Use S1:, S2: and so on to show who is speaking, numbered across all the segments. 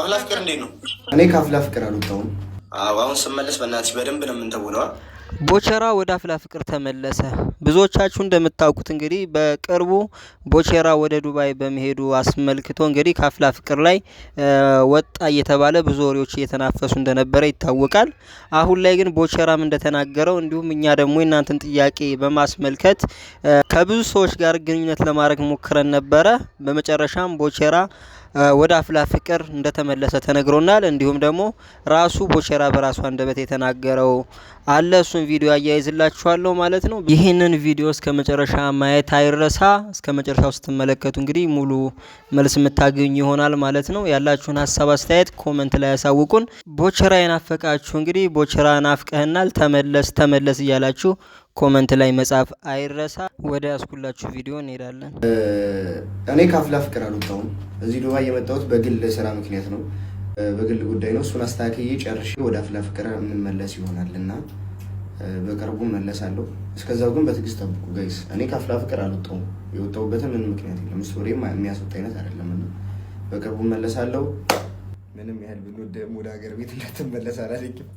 S1: አፍላ ፍቅር እንዴት ነው?
S2: እኔ ከአፍላ ፍቅር አልወጣሁም።
S1: አሁን ስመለስ በእናትሽ በደንብ ነው የምንተውነዋ።
S2: ቦቸራ ወደ አፍላ ፍቅር ተመለሰ። ብዙዎቻችሁ እንደምታውቁት እንግዲህ በቅርቡ ቦቸራ ወደ ዱባይ በመሄዱ አስመልክቶ እንግዲህ ከአፍላ ፍቅር ላይ ወጣ እየተባለ ብዙ ወሬዎች እየተናፈሱ እንደነበረ ይታወቃል። አሁን ላይ ግን ቦቸራም እንደተናገረው እንዲሁም እኛ ደግሞ የእናንተን ጥያቄ በማስመልከት ከብዙ ሰዎች ጋር ግንኙነት ለማድረግ ሞክረን ነበረ። በመጨረሻም ቦቸራ ወደ አፍላ ፍቅር እንደተመለሰ ተነግሮናል። እንዲሁም ደግሞ ራሱ ቦቸራ በራሱ አንደበት የተናገረው አለ። እሱን ቪዲዮ አያይዝላችኋለሁ ማለት ነው። ይህንን ቪዲዮ እስከ መጨረሻ ማየት አይረሳ። እስከ መጨረሻው ስትመለከቱ እንግዲህ ሙሉ መልስ የምታገኙ ይሆናል ማለት ነው። ያላችሁን ሀሳብ አስተያየት ኮመንት ላይ ያሳውቁን። ቦቸራ የናፈቃችሁ እንግዲህ ቦቸራ ናፍቀህናል ተመለስ ተመለስ እያላችሁ ኮመንት ላይ መጻፍ አይረሳ። ወደ ያስኩላችሁ ቪዲዮ እንሄዳለን።
S1: እኔ ካፍላ ፍቅር አልወጣሁም። እዚህ ዱባይ የመጣሁት በግል ስራ ምክንያት ነው፣ በግል ጉዳይ ነው። እሱን አስተካክዬ ጨርሼ ወደ አፍላ ፍቅር የምመለስ ይሆናል እና በቅርቡ መለሳለሁ። እስከዛው ግን በትዕግስት ጠብቁ ጋይስ። እኔ ካፍላ ፍቅር አልወጣሁም። የወጣሁበትን ምን ምክንያት የለም። ስቶሪም የሚያስወጣ አይነት አይደለም እና በቅርቡ መለሳለሁ። ምንም ያህል ብንወደም ወደ ሀገር ቤት እንዳትመለስ አላለኝም።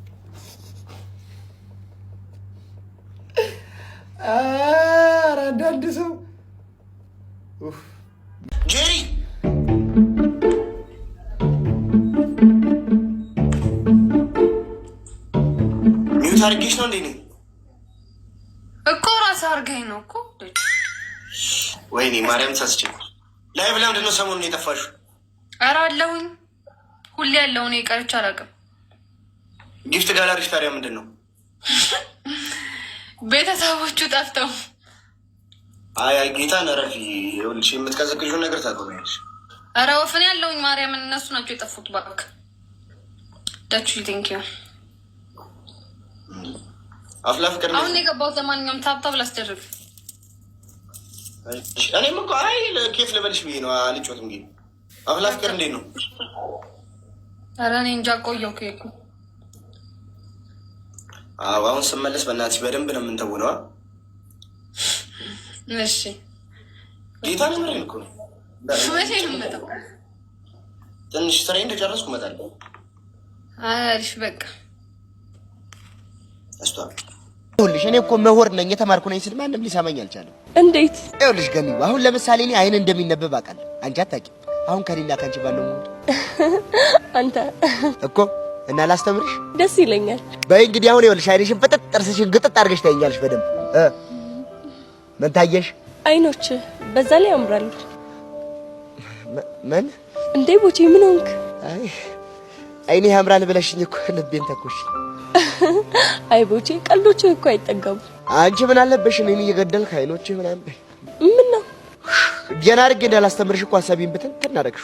S1: ረዳድ ሰው ጄሪ ሚዩት አድርጌሽ ነው እንዴ?
S3: እኮ እራስህ አድርገኝ ነው እኮ።
S1: ወይኔ ማርያም ሳስች ላይ ብላ ምንድነው ሰሞኑን የጠፋሽው?
S3: ኧረ አለሁኝ ሁሌ ያለውን ቀርቼ አላውቅም።
S1: ጊፍት ጋላሪሽ ታዲያ ምንድን ነው?
S3: ቤተሰቦቹ ጠፍተው
S1: አይ አይ ጌታን ረፊ ሁልሽ የምትቀዘቅዡ ነገር ታቆሚያለሽ።
S3: ኧረ ወፍን ያለውኝ ማርያም እነሱ ናቸው የጠፉት። ባክ ዳች ቴንክ ዩ
S1: አፍላ ፍቅር አሁን
S3: የገባው ለማንኛውም ታብታብ ላስደርግ።
S1: እኔም እኮ አይ ኬፍ ልበልሽ ብዬ ነው አልጮትም። ጌ አፍላ ፍቅር እንዴት ነው?
S3: ኧረ እኔ እንጃ ኬኩ
S1: አሁን ስመለስ በእናትሽ በደንብ ነው የምንተውነዋ። እሺ ጌታ ነው ምር ልኩ ትንሽ ስራ እንደጨረስኩ እመጣለሁ።
S3: አሪፍ በቃ
S1: ስቷል። ይኸውልሽ እኔ እኮ መሆር ነኝ የተማርኩ ነኝ ስል ማንም ሊሰማኝ አልቻለም። እንዴት ይኸውልሽ ገሚ አሁን ለምሳሌ እኔ አይን እንደሚነበብ አውቃለሁ። አንቺ አታውቂም። አሁን ከኔና ከአንቺ ባለው አንተ እኮ እና ላስተምርሽ
S3: ደስ ይለኛል።
S1: በይ እንግዲህ አሁን ይኸውልሽ፣ አይንሽን ፍጥጥ ጥርስሽን ግጥጥ አድርገሽ ታይኛለሽ በደንብ። ምን ታየሽ?
S3: አይኖች በዛ ላይ ያምራሉ። ምን እንዴ ቦቼ፣ ምን ሆንክ?
S1: አይ አይኔ ያምራል ብለሽኝ እኮ ልቤን ተኮሽ።
S3: አይ ቦቼ፣ ቀልዶቹ እኮ አይጠገቡ።
S1: አንቺ ምን አለበሽ እኔን እየገደልክ አይኖች ምናምን። ምን ነው ገና አድርጌ እንዳላስተምርሽ እኮ ሀሳቤን ብትን ትናደረግሹ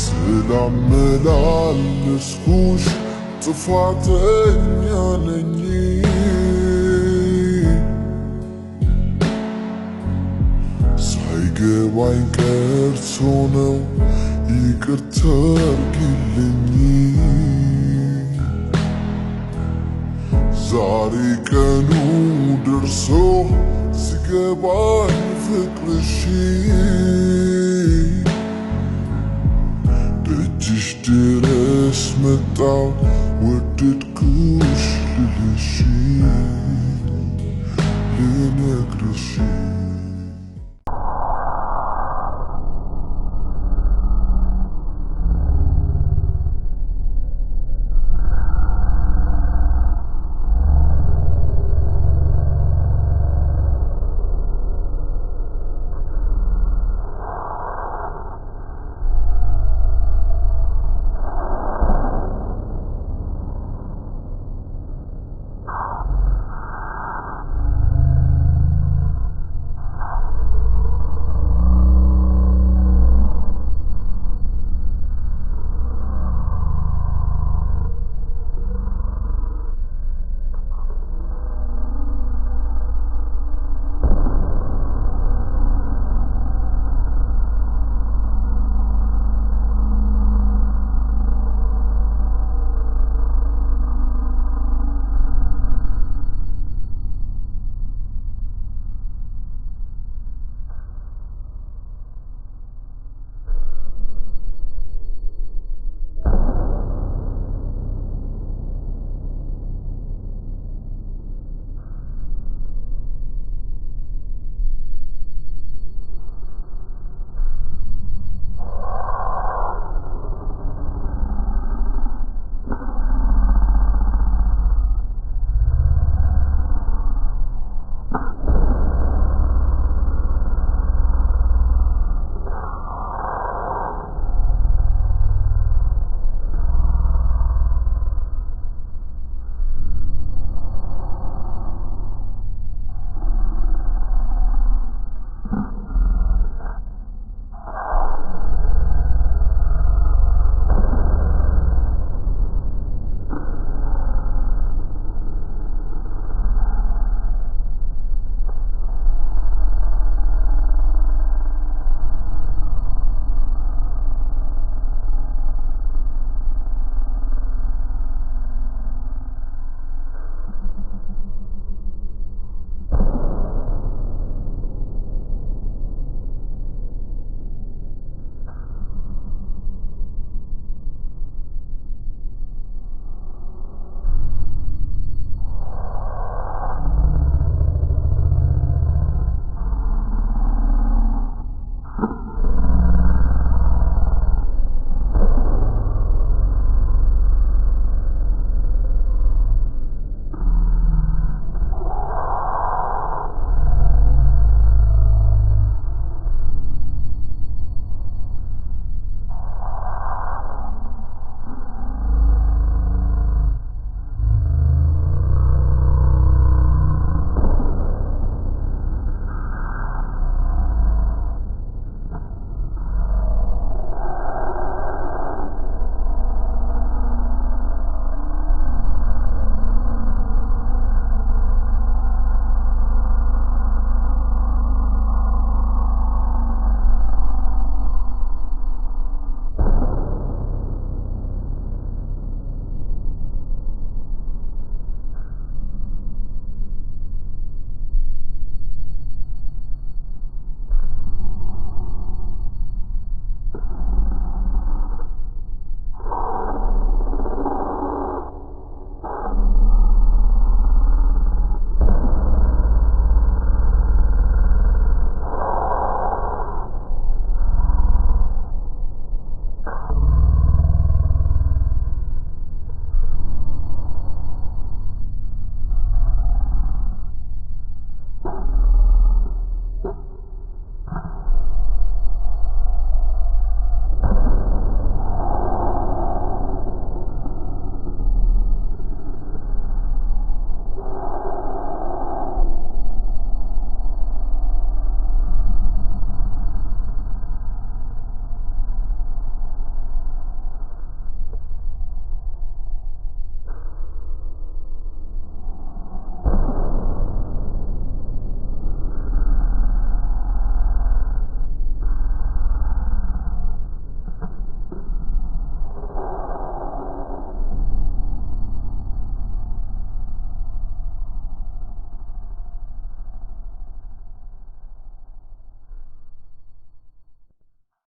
S1: ስላመላልስኩሽ ጥፏተኛነኝ ሳይገባኝ ቀርቶ ነው ይቅርታ አርግልኝ ዛሬ ቀኑ ደርሶ ስገባኝ ፍቅርሽ just did es mit da, what did